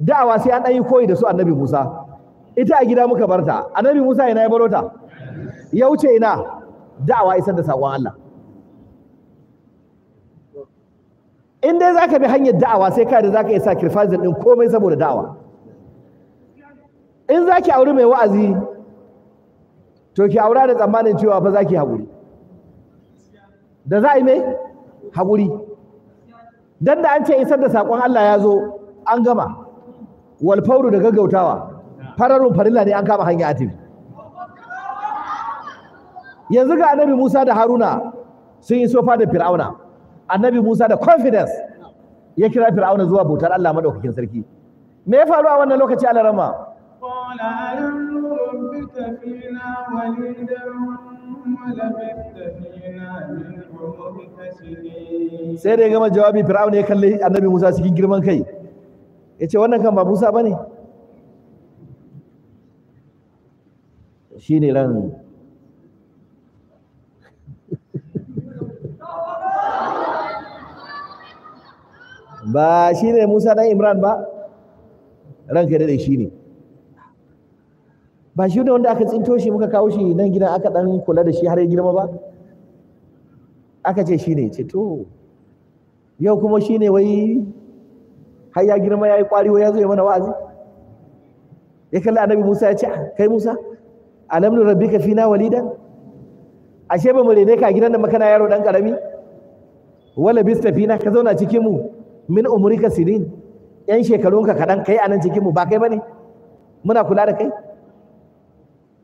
da'awa sai an ɗan yi koyi da su annabi Musa ita a gida muka barta annabi Musa ina ya baro ta ya wuce ina da'awa isar da saƙon Allah in dai za ka bi hanyar da'awa sai ka da za ka iya sacrifice din komai saboda da'awa in za ki auri mai wa'azi to ki aura da tsammanin cewa fa za ki haƙuri da za a yi mai haƙuri dan da an ce isar da saƙon Allah ya zo an gama wal da gaggautawa fararun farilla ne an kama hanya atim yanzu ga annabi Musa da Haruna sun yi sofa da Fir'auna annabi Musa da confidence ya kira Fir'auna zuwa bautar Allah madaukakin sarki me ya faru a wannan lokaci a larama sai da ya gama jawabi fir'auna ya kalli annabi musa cikin girman kai ya ce wannan kan ba musa ba ne shi ne ran ba shi ne musa dan imran ba ranka da shi ne ba shi ne wanda aka tsinto shi muka kawo shi nan gidan aka dan kula da shi har ya girma ba aka ce shi ne ce to yau kuma shi ne wai har ya girma ya yi kwari wai ya zo ya mana wa'azi ya kalli annabi musa ya ce ah, kai musa alam nu rabbika fina walida ashe ba mu rene ka gidan da makana yaro dan karami wala bista fina ka zauna cikin mu min umurika sirin yan shekarunka kaɗan kai a nan cikinmu ba kai ba ne muna kula da kai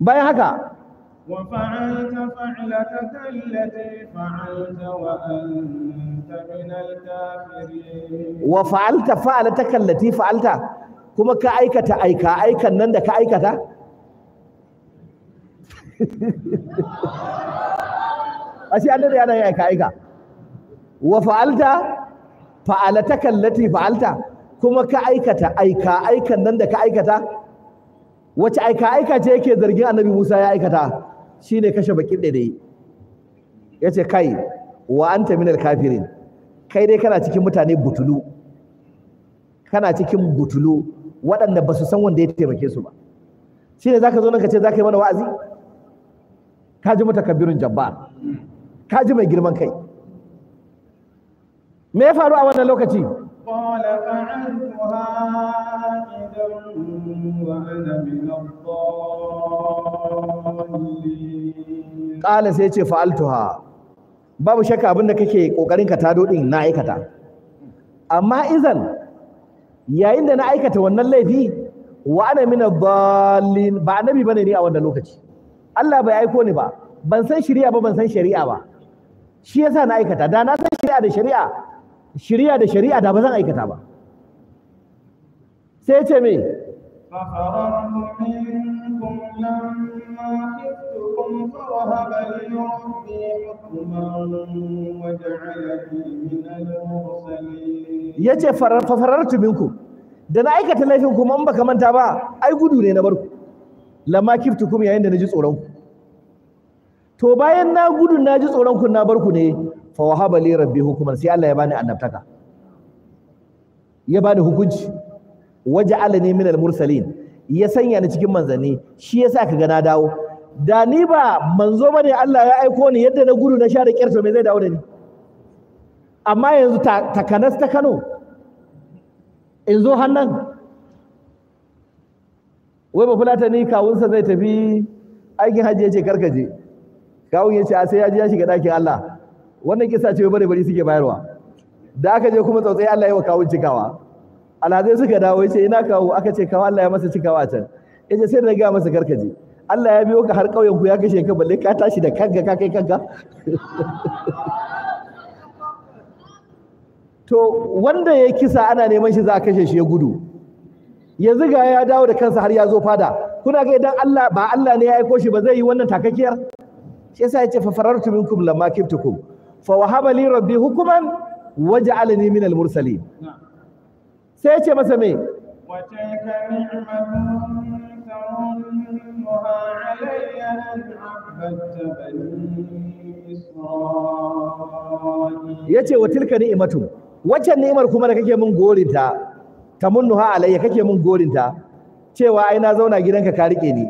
bayan haka wa fa’alta fa’alata kallati fa’alta kuma ka aikata aika aikan nan da ka aikata *laughs* ashe an da yanayin aika aika wa fa’alta fa'alata kallati fa'alta kuma ka aikata aika aikan nan da ka aikata wace aika aika ce yake zargin annabi Musa ya aikata shine kashe bakin da dai yace kai wa anta minal kafirin kai dai kana cikin mutane butulu kana cikin butulu waɗanda ba su san wanda ya taimake su ba shine zaka zo nan ka ce zaka yi mana wa'azi ka ji mutakabbirin jabbar ka ji mai girman kai me ya faru a wannan lokaci ƙala sai ce fa'altuha babu shakka abinda kake ƙoƙarin ka tado ɗin na aikata amma izan yayin da na aikata wannan laifi wa ana mina dalin ba annabi bane ne a wannan lokaci Allah bai aiko ni ba ban san shari'a ba ban san shari'a ba shi yasa na aikata da na san shari'a da shari'a shirya da shari'a da ba zan aikata ba sai ce me ya ce fafarar da na aikata laifin kuma in baka manta ba ai gudu ne na barku lamma kiftukum yayin da na ji tsoronku to bayan na gudu na ji tsoron ku na bar ne fa wahaba li rabbi hukuman sai Allah ya bani annabtaka ya bani hukunci min al mursalin ya sanya ni cikin manzanni shi yasa ka ga na dawo da ni ba manzo bane Allah ya aiko ni yadda na gudu na share kyarto me zai dawo da ni amma yanzu takanas ta Kano in zo hannan wai ba fulata ni kawunsa zai tafi aikin hajji ya ce karkaje kawun ya ce a sai ya ji ya shiga ɗakin Allah wannan kisa ce bare bari suke bayarwa da aka je kuma tsautsai Allah ya wa kawun cikawa alhazai suka dawo ya ce ina kawo aka ce kawo Allah ya masa cikawa can ya ce sai na gaya masa karkaji Allah ya biyo ka har ƙauyen ku ya kashe ka balle ka tashi da kanka ka kai kanka *laughs* to wanda ya kisa ana neman shi za a kashe shi ya gudu yanzu ga ya dawo da kansa har ya zo fada kuna ga idan Allah ba Allah ne ya aiko shi ba zai yi wannan takakkiyar shi yasa yace fa farartu minkum lamma kibtukum fa wahaba li rabbi hukuman waj'alani min al mursalin sai yace masa me وتلك نعمة تمنها علي أن عبدت waccan ni'imar kuma da kake mun gorinta ta ha alayya kake mun gorinta cewa ai na zauna gidanka ka rike ni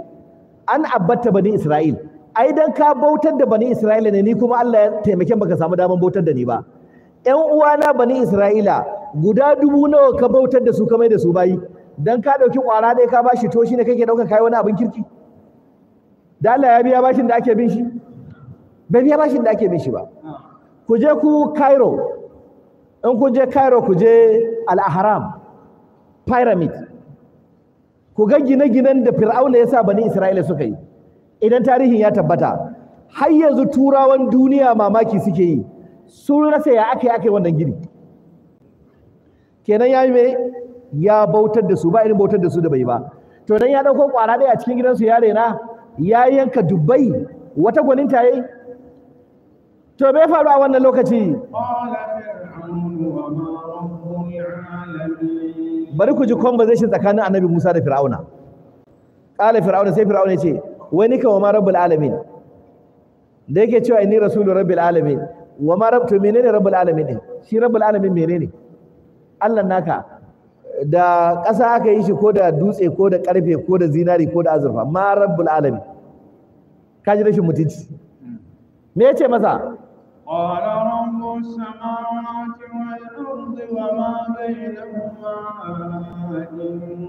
an abbatta bani isra'il ai dan ka bautar da bani isra'ila ne ni kuma Allah ya taimake baka samu daman bautar da ni ba ƴan uwana bani isra'ila guda dubu nawa ka bautar da su ka mai da su bayi dan ka dauki kwara ɗaya ka bashi to shi ne kake dauka kai wani abin kirki da Allah ya biya bashin da ake bin shi bai biya bashin da ake bin shi ba ku je ku Cairo in ku je Cairo ku je Al-Ahram pyramid ku ga gine-ginen da Fir'auna ya sa bani Isra'ila suka yi idan tarihin ya tabbata har yanzu turawan duniya mamaki suke yi sun rasa ya aka yi aka yi wannan gini kenan ya yi ya bautar da su ba irin bautar da su da bai ba to dan ya dauko kwara ɗaya a cikin gidansu ya rena ya yanka dubbai wata gwanin ta yi. to me faru a wannan lokaci bari ku ji conversation tsakanin annabi Musa da Fir'auna qala Fir'auna sai Fir'auna ya ce wani kan wa marabul alamin da yake cewa inni rasulun rabbil alamin wa ma rabtu menene rabbul alamin din shi rabbul alamin menene Allah naka da ƙasa aka yi shi ko da dutse ko da ƙarfe ko da zinari ko da azurfa ma rabbul alamin ka ji rashin mutunci me yace masa قال رب السماوات والأرض وما بينهما إن كنتم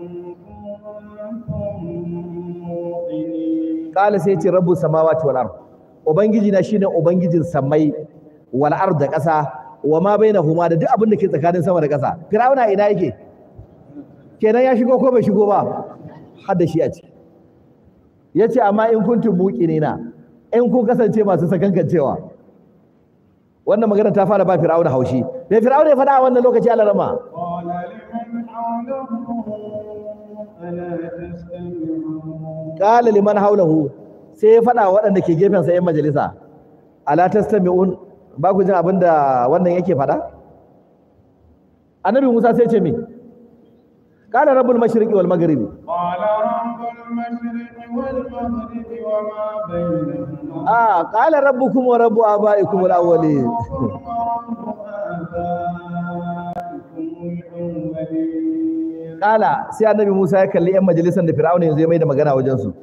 موقنين kala sai ce rabbu samawati wal ard ubangiji na shine ubangijin samai wal ard da ƙasa wa ma bainahuma da duk abin da ke tsakanin sama da ƙasa fir'auna ina yake kenan ya shigo ko bai shigo ba har da shi a ci yace amma in kuntum muqinina in ku kasance masu sakankancewa wannan magana ta fara ba fir'auna haushi me fir'auna ya faɗa a wannan lokaci Allah rama qala liman qala liman haulahu sai ya faɗa waɗanda ke gefen sa yan majalisa ala tastami'un ba ku jin abin da wannan yake faɗa annabi Musa sai ce me qala rabbul mashriqi wal maghribi qala rabbul mashriqi wal maghribi wa ma bainahuma ah qala rabbukum wa rabbu abaikum al kala sai annabi Musa ya kalli yan majalisar da Fir'auna yanzu ya mai da magana wajen su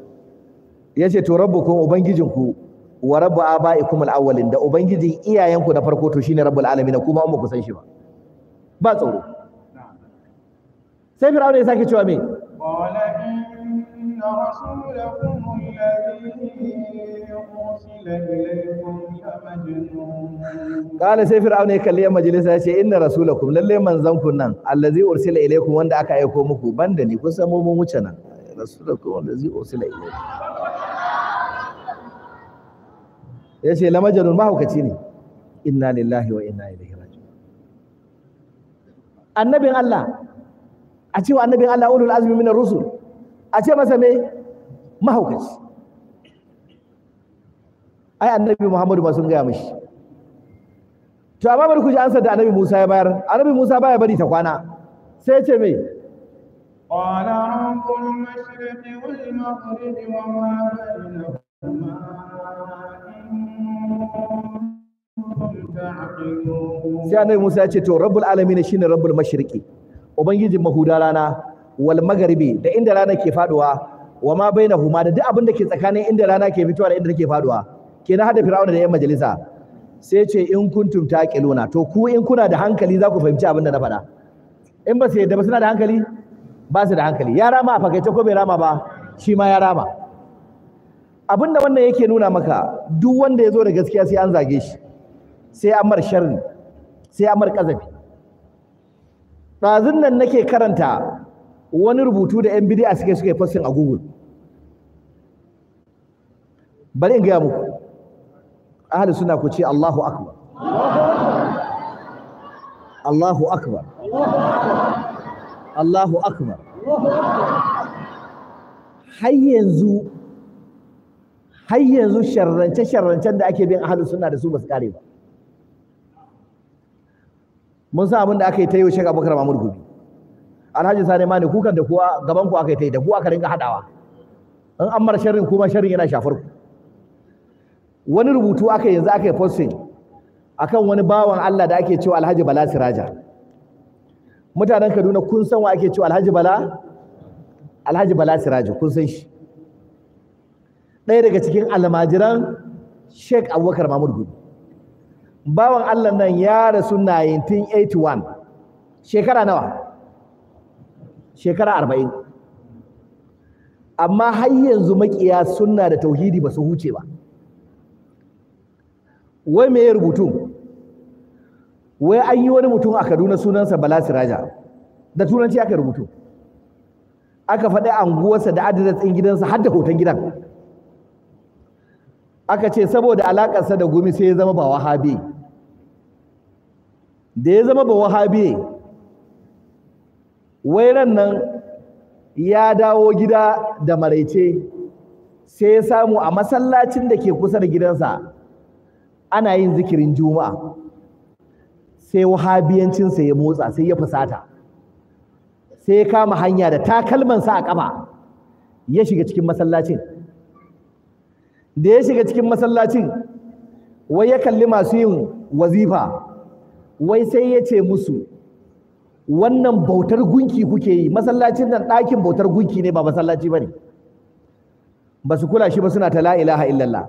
ce to rabbukum ubangijinku wa rabbu abaikum alawwalin da ubangijin iyayenku na farko to shine rabbul alamin kuma Amma ku san shi ba ba tsoro sai Fir'auna ya sake cewa me qala Kala sai Fir'auna ya kalli majalisa ya ce inna rasulakum lalle manzan kun nan allazi ursila ilaikum wanda aka aiko muku banda ni kun san mu mun wuce nan rasulakum allazi ursila ilaikum ce la majalun mahaukaci ne inna lillahi wa inna ilaihi raji'un annabin Allah a cewa annabin Allah ulul azmi minar rusul a ce masa me mahaukaci ai annabi Muhammadu ma sun gaya mishi to amma bari ku ji ansar da annabi Musa ya bayar annabi Musa baya bari ta kwana sai ya ce me قال رب المشرق والمغرب وما بينهما sai annabi Musa ya ce to rabbul alamin shine rabbul mashriqi ubangijin mahuda rana wal magaribi da inda rana ke faduwa wa ma bainahuma da duk abin da ke tsakanin inda rana ke fitowa da inda take faduwa kenan hada fir'auna da yan majalisa sai ce in kuntum taqiluna to ku in kuna da hankali za ku fahimci abin da na faɗa in ba su yadda ba suna da hankali ba su da hankali ya rama a fakaice ko bai rama ba shi ma ya rama abin da wannan yake nuna maka duk wanda ya zo da gaskiya sai an zage shi sai an mar sharri sai an mar kazafi ɗazun nan nake karanta wani rubutu da 'yan bidiya suke suke fassin a google bari in gaya muku ahli suna ku ce Allahu akbar Allahu akbar Allahu akbar har yanzu har yanzu sharrance sharrancen da ake bin ahli suna da su ba su kare ba mun san abin da aka yi ta yau shek abubakar mamud gobe alhaji sani mani kukan da kuwa gaban ku aka yi ta yi da kuwa aka ringa hadawa in an mara sharrin kuma sharrin yana shafar ku wani rubutu aka yanzu aka yi posting akan wani bawan Allah da ake cewa Alhaji Bala Siraja mutanen Kaduna kun san wa ake cewa Alhaji Bala Alhaji Bala Siraja kun san shi ɗaya daga cikin almajiran Sheikh Abubakar Mahmud Gudu bawan Allah nan ya rasu 1981 shekara nawa shekara 40 amma har yanzu makiya sunna da tauhidi ba su huce ba wai me ya rubutu wai an yi wani mutum a kaduna sunansa bala siraja da turanci aka rubutu aka faɗi anguwarsa da adres ɗin gidansa har da hoton gidan aka ce saboda alaƙarsa da gumi sai ya zama ba wahabi da ya zama ba wahabi wai ran nan ya dawo gida da maraice sai ya samu a masallacin da ke kusa da gidansa ana yin zikirin juma'a sai wahabiyancinsa ya motsa sai ya fusata sai ya kama hanya da takalmansa a ƙafa ya shiga cikin masallacin da ya shiga cikin masallacin wai ya kalli masu yin wazifa wai sai ya ce musu wannan bautar gunki kuke yi masallacin nan ɗakin bautar gunki ne ba masallaci ba ne ba su kula shi ba suna ta la ilaha illallah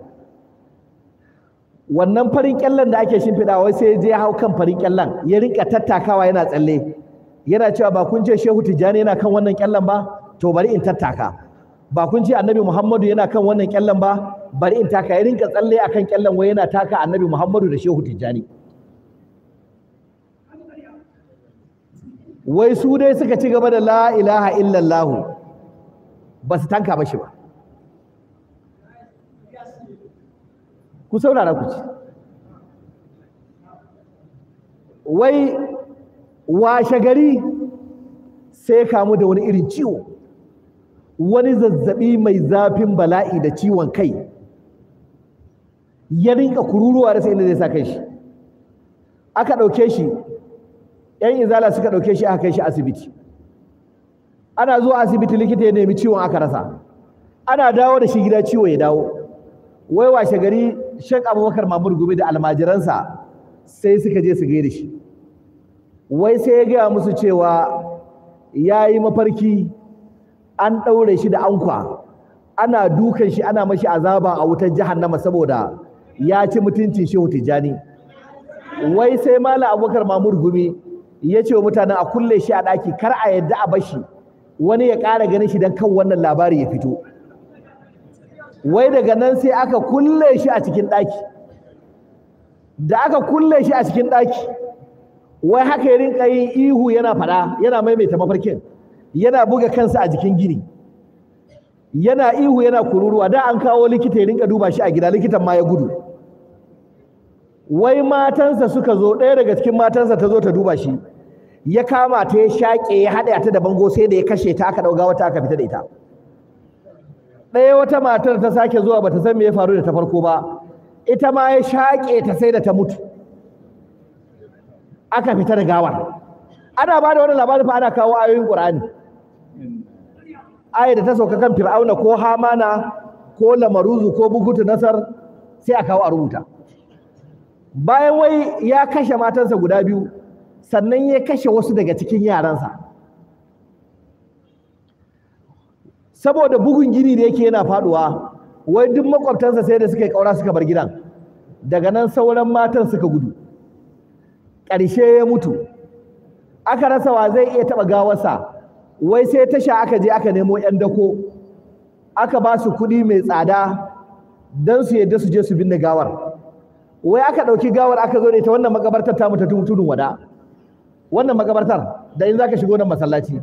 wannan farin kyallan da ake shimfiɗa wai sai je hau kan farin kyallan ya rinka tattakawa yana tsalle yana cewa ba kun ce shehu tijjani yana kan wannan kyallan ba to bari in tattaka ba kun ce annabi muhammadu yana kan wannan kyallan ba bari in taka ya rinka tsalle akan kyallan wai yana taka annabi muhammadu da shehu tijjani wai su dai suka ci gaba da la ilaha illallahu ba su tanka ba shi ba ku saurara ku ci wai washe gari sai kamu da wani irin ciwo wani zazzabi mai zafin bala'i da ciwon kai ya rinka kururuwa rasa inda zai sa kai shi aka ɗauke shi ‘yan izala suka ɗauke shi aka kai shi asibiti ana zuwa asibiti likita ya nemi ciwon aka rasa ana dawo da shi gida ciwo ya dawo wai washe gari shek abubakar mamur gumi da almajiransa sai suka je su gaida shi wai sai ya gaya musu cewa ya yi mafarki an ɗaure shi da ankwa ana dukan shi ana mashi azaba a wutar jahannama saboda ya ci mutuncin shehu tijjani wai sai malam abubakar mamur gumi ya ce wa mutanen a kulle shi a ɗaki kar a yadda a bashi wani ya ƙara ganin shi don kan wannan labari ya fito wai daga nan sai aka kulle shi a cikin ɗaki da aka kulle shi a cikin ɗaki wai haka ya rinka yin ihu yana faɗa yana maimaita mafarkin yana buga kansa a jikin gini yana ihu yana kururuwa da an kawo likita ya rinka duba shi a gida likitan ma ya gudu wai matansa suka zo ɗaya daga cikin matansa ta zo ta duba shi ya kama ta ya shaƙe ya haɗa ta da bango sai da ya kashe ta aka ɗauga wata aka fita da ita ɗaya wata matar ta sake zuwa bata san me ya faru da ta farko ba ita ma ya shaƙe ta sai da ta mutu aka fita da gawar ana ba da wani labarin fa ana kawo ayoyin ƙur'ani aya da ta sauka kan fir'auna ko hamana ko lamaruzu ko bugutu nasar sai a kawo a rubuta bayan wai ya kashe matansa guda biyu sannan ya kashe wasu daga cikin yaransa saboda bugun gini da yake yana faduwa wai duk makwabtansa sai da suka yi kaura suka bar gidan daga nan sauran matan suka gudu ƙarshe ya mutu aka rasa wa zai iya taɓa gawarsa wai sai tasha aka je aka nemo 'yan dako aka ba su kuɗi mai tsada don su yadda su je su binne gawar wai aka ɗauki gawar aka zo da ita wannan makabartar ta mutu tudun wada wannan makabartar da in za ka shigo nan masallaci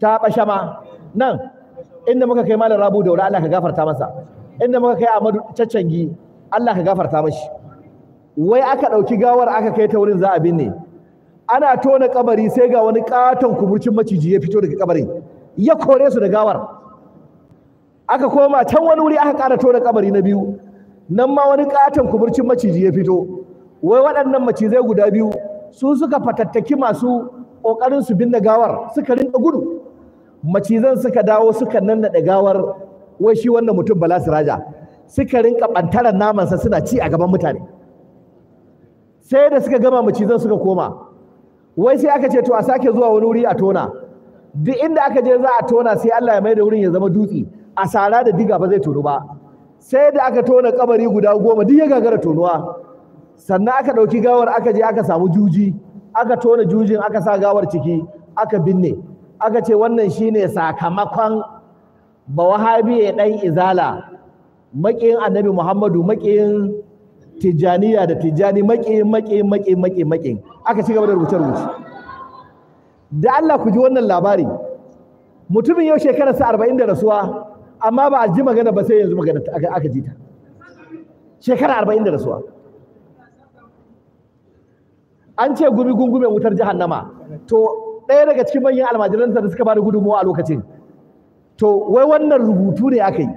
ta ɓashama nan inda muka kai malam rabu daura Allah ka gafarta masa inda muka kai amadu caccangi Allah ka gafarta mashi wai aka ɗauki gawar aka kai ta wurin za a binne ana tona kabari sai ga wani katon kuburcin maciji ya fito daga kabarin ya kore su da gawar aka koma can wani wuri aka ƙara tona kabari na biyu nan ma wani katon kuburcin maciji ya fito wai waɗannan macizai guda biyu su suka fatattaki masu ƙoƙarin su binne gawar suka rinka gudu macizan suka dawo suka nannaɗe gawar wai shi wannan mutum bala siraja suka rinka ɓantaran namansa suna ci a gaban mutane sai da suka gama macizan suka koma wai sai aka ce to a sake zuwa wani wuri a tona duk inda aka je za a tona sai Allah ya mai da wurin ya zama dutse a sara da diga ba zai tono ba sai da aka tona kabari guda goma duk ya gagara tonuwa sannan aka ɗauki gawar aka je aka samu juji aka tona jujin aka sa gawar ciki aka binne aka ce wannan shine sakamakon ba wahabi ɗan izala maƙiyin annabi muhammadu maƙiyin tijjaniya da tijjani maƙiyin maƙiyin maƙiyin maƙiyin maƙiyin aka ci gaba da rubuce-rubuce da Allah ku ji wannan labari mutumin yau sa arba'in da rasuwa amma ba a ji magana ba sai yanzu magana aka ji ta shekara arba'in da rasuwa an ce gumi gungumen wutar jahannama to ɗaya daga cikin manyan almajiransa da suka ba bada gudunmawa a lokacin to wai wannan rubutu ne aka yi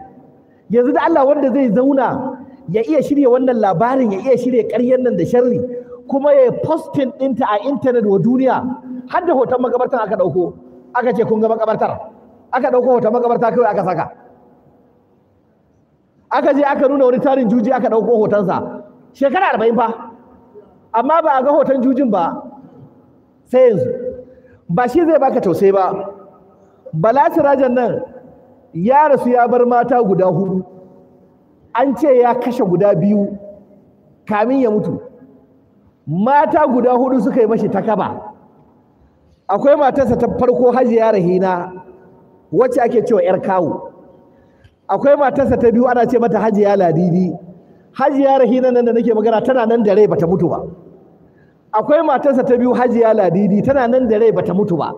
yanzu da Allah wanda zai zauna ya iya shirya wannan labarin ya iya shirya ƙaryar nan da sharri kuma ya postin ɗinta a intanet wa duniya har da hoton makabartar aka ɗauko aka ce kun ga makabartar aka ɗauko hoton makabarta kawai aka saka aka je aka nuna wani tarin juji aka ɗauko hotonsa shekara arba'in fa amma ba a ga hoton jujin ba sai yanzu ba shi zai baka tausayi ba bala sirajan nan ya rasu ya bar mata guda hudu an ce ya kashe guda biyu kamin ya mutu mata guda hudu suka yi mashi ta kaba. akwai matarsa ta farko hajiya rahina wacce ake cewa yar kawo akwai matarsa ta biyu ana ce mata hajiya ladidi hajiya rahina nan da nake magana tana nan da rai bata mutu ba akwai matarsa ta biyu hajiya ladidi tana nan da rai bata mutu ba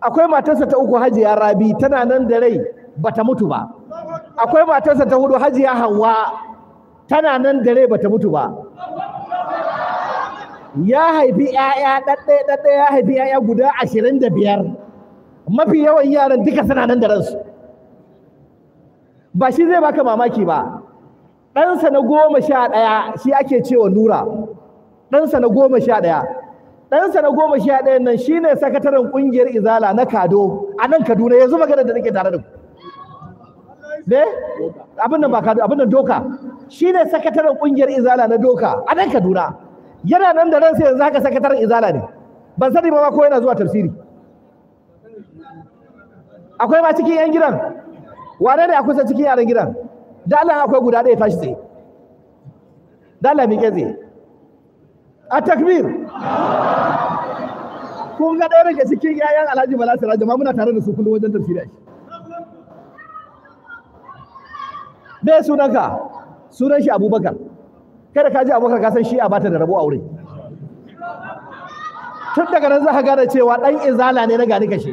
akwai matarsa ta uku hajiya rabi tana nan da rai bata mutu ba akwai matarsa ta hudu hajiya hawa tana nan da rai bata mutu ba ya haifi ‘ya'ya ɗaɗɗaya ɗaɗɗaya ya haifi ‘ya'ya guda ashirin da biyar mafi yawan yaran duka suna nan da ransu ba shi zai baka mamaki ba ɗansa na goma sha ɗaya shi ake cewa nura ɗansa na goma sha ɗaya ɗansa na goma sha ɗaya nan shine sakataren ƙungiyar izala na kado a nan kaduna yanzu magana da nake tare da ku ne abin nan ba kado abin nan doka shine sakataren ƙungiyar izala na doka a nan kaduna yana nan da ransa yanzu haka sakataren izala ne ban sani ba ko yana zuwa tafsiri akwai ma cikin yan gidan wane ne a kusa cikin yaran gidan da Allah akwai guda ɗaya tashi tsaye da Allah miƙe tsaye a takbir kun ga ɗaya daga cikin yayan alhaji bala siraji ma muna tare da su kullum wajen tafiya. ake sunanka sunan shi abubakar kada ka ji abubakar kasan shi a bata da rabo aure tun daga nan za ka gane cewa ɗan izala ne na gani shi.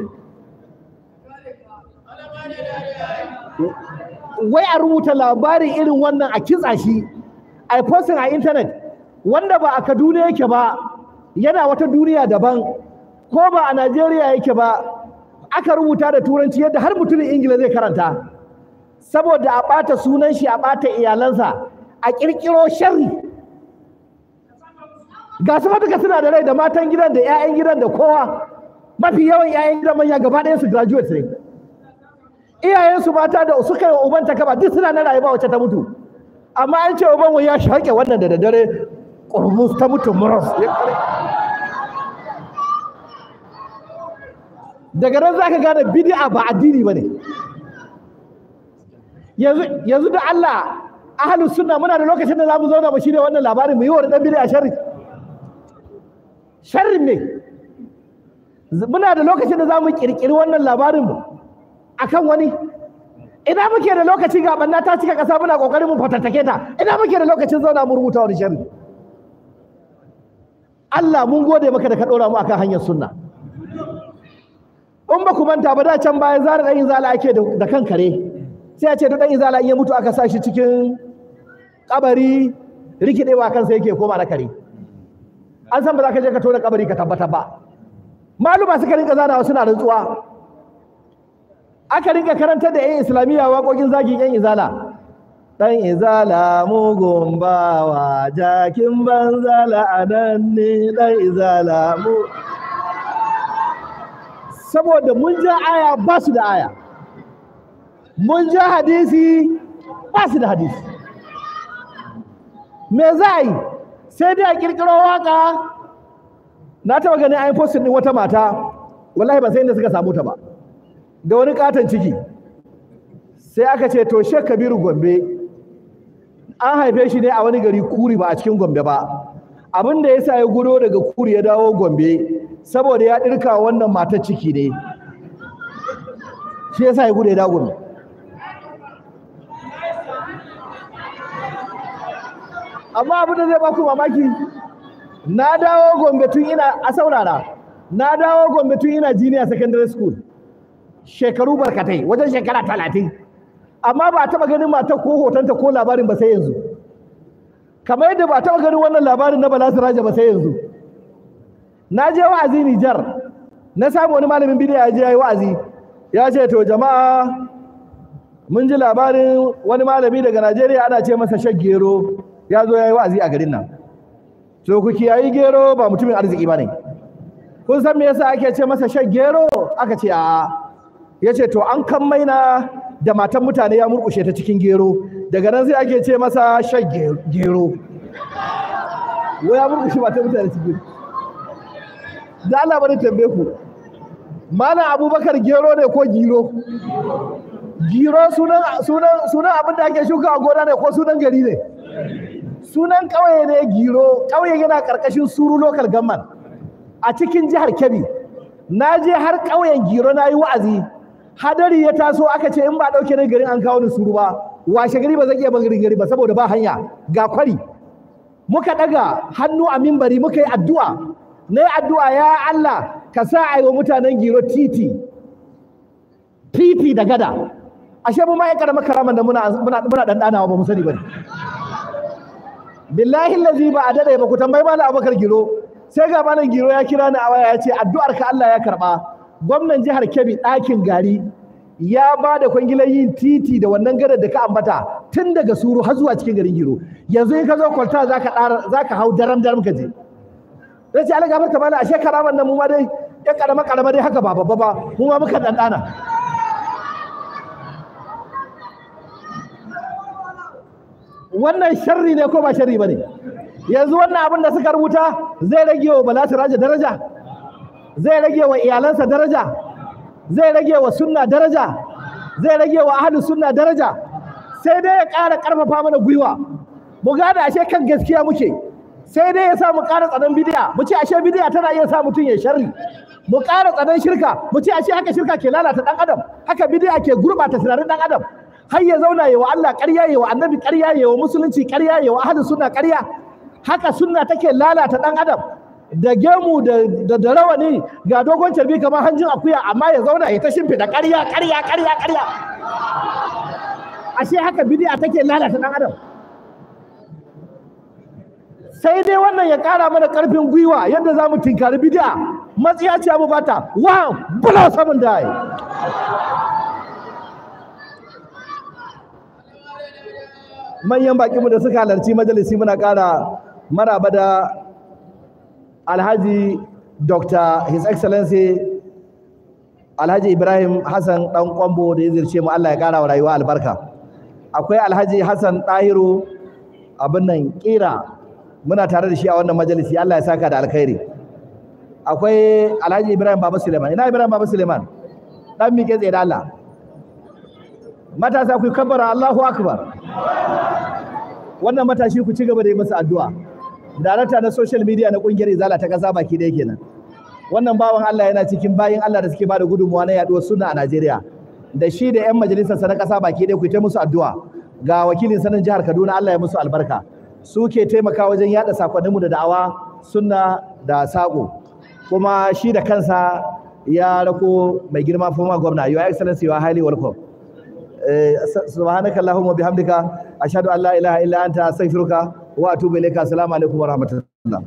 wai a rubuta labarin irin wannan a kitsa shi a posting a intanet wanda ba a Kaduna yake ba yana wata duniya daban ko ba a Najeriya yake ba aka rubuta da turanci yadda har mutumin Ingila zai karanta saboda a ɓata sunan shi a ɓata iyalansa a ƙirƙiro sharri ga su matuka suna da rai da matan gidan da 'ya'yan gidan da kowa mafi yawan 'ya'yan gidan manya gaba ɗaya su graduate ne iyayensu mata da suka yi uban takaba duk suna na rayuwa wacce ta mutu amma an ce uban ya shaƙe wannan da daddare ƙurmus ta mutu muras daga nan za ka gane bidi'a ba addini ba ne yanzu da Allah ahalus sunna muna da lokacin da za mu zauna ba shi ne wannan labarin mu yi wani ɗan bidi'a sharri sharrin ne muna da lokacin da za mu ƙirƙiri wannan labarin mu akan wani ina muke da lokacin ga banna ta cika ƙasa muna ƙoƙarin mu fatattake ta ina muke da lokacin zauna mu rubuta wani sharri Allah mun gode maka da ka ɗora mu akan hanyar sunna in ba ku manta ba da can baya zara ɗan izala ake da kan kare sai a ce da ɗan izala in ya mutu aka sa shi cikin kabari rikidewa kansa yake koma na kare an san ba za ka je ka tona kabari ka tabbata ba maluma suka rinka zanawa suna rantsuwa aka rinka karantar da 'yan islamiyya waƙoƙin zagin 'yan izala ɗan izala mugun bawa jakin banza la'ananne ɗan izala mu saboda mun ja aya ba su da aya mun ja hadisi ba su da hadisi me za a yi sai dai a kirkiro waka na taɓa ganin an postin ɗin wata mata wallahi ba sai inda suka samu ta ba da wani katon ciki sai aka ce to shek kabiru gombe an haife shi ne a wani gari kuri ba a cikin gombe ba abin da ya sa ya gudo daga kuri ya dawo gombe saboda ya ɗirka wannan matar ciki ne shi ya sa ya gudo ya dawo gombe amma abin da zai baku mamaki na dawo gombe tun ina a saurara na dawo gombe tun ina a secondary school shekaru barkatai wajen shekara talatin amma ba a taɓa ganin matar ko hotonta ko labarin ba sai yanzu kamar yadda ba a taɓa ganin wannan labarin na bala siraja ba sai yanzu na je wa'azi nijar na samu wani malamin bidiyo ya je ya yi wa'azi ya ce to jama'a mun ji labarin wani malami daga najeriya ana ce masa shan gero ya zo ya yi wa'azi a garin nan to ku kiyayi gero ba mutumin arziki ba ne kun san me yasa ake ce masa shan gero aka ce a'a ya ce to an kan maina da matan mutane ya murkushe ta cikin gero daga nan sai ake ce masa shan gero wai ya murkushe matan mutane cikin gero da Allah bari tambaye ku malam abubakar gero ne ko giro giro sunan sunan abin da ake shuka a gona ne ko sunan gari ne sunan ƙauye ne giro ƙauye yana ƙarƙashin suru local government a cikin jihar kebbi na je har ƙauyen giro na yi wa'azi hadari ya taso aka ce in ba ɗauke ni garin an kawo ni suru ba washe gari ba zan iya bangarin gari ba saboda ba hanya ga kwari muka ɗaga hannu a mimbari muka yi addu'a na yi addu'a ya Allah ka sa a yi wa mutanen giro titi titi da gada ashe mu ma ya karaman da muna muna muna ba mu sani bane billahi lazi ba a daɗe ba ku tambayi malam Abubakar Giro sai ga malam Giro ya kira ni a waya ya ce addu'ar ka Allah ya karɓa. gwamnan jihar Kebbi ɗakin gari ya ba da kwangilar yin titi da wannan gadar da ka ambata tun daga suru har zuwa cikin garin giro yanzu in ka zo kwalta za ka hau daram daram ka je zai ce ala gabar ta bala ashe karaman mu ma dai ya karama karama dai haka ba babba ba mu ma muka ɗanɗana. wannan sharri ne ko ba sharri ba ne yanzu wannan abin da suka rubuta zai rage wa bala daraja zai rage wa iyalansa daraja zai rage wa sunna daraja zai rage wa ahlus sunna daraja sai dai ya ƙara ƙarfafa mana gwiwa mu gane ashe kan gaskiya muke sai dai ya sa mu ƙara tsadan bidiya mu ce ashe bidiya tana iya sa mutum ya sharri mu ƙara tsadan shirka mu ce ashe haka shirka ke lalata ɗan adam haka bidiya ke gurɓata tunanin ɗan adam har ya zauna yawa Allah ƙarya yawa annabi ƙarya yawa musulunci ƙarya yawa ahadu sunna ƙarya haka sunna take lalata ɗan adam da gemu da da rawani ga dogon carbi kamar hanjin akuya amma ya zauna ya ta shimfiɗa ƙarya ƙarya ƙarya ƙarya ashe haka bidiya take lalata ɗan adam sai dai wannan ya ƙara mana ƙarfin gwiwa yadda za mu tinkari bidiya matsiya ce mu bata wa bula samun da yi manyan baƙinmu da suka halarci majalisi muna ƙara maraba da alhaji dr his excellency alhaji ibrahim hassan dan kwambo da ya zirce mu allah ya kara wa rayuwa albarka akwai alhaji hassan ɗahiru abin nan kira muna tare da shi a wannan majalisi allah ya saka da alkhairi akwai alhaji ibrahim baba suleiman ina ibrahim baba suleiman dan miƙe tsaye da allah matasa ku kabbara allahu akbar wannan matashi ku ci gaba da yi masa addu'a Darata na social media na kungiyar izala ta kasa baki ɗaya kenan wannan bawan Allah yana cikin bayin Allah da suke bada gudunmuwa na yaduwar suna a Najeriya da shi da yan majalisar sana na kasa baki ɗaya ku ta musu addu'a ga wakilin sanin jihar Kaduna Allah ya musu albarka su ke taimaka wajen yada sakonninmu da da'awa sunna da sako kuma shi da kansa ya rako mai girma former gwamna your excellency you are highly welcome eh, subhanakallahumma bihamdika ashhadu an la ilaha illa anta astaghfiruka wa atubu ilaika assalamu alaikum wa rahmatullah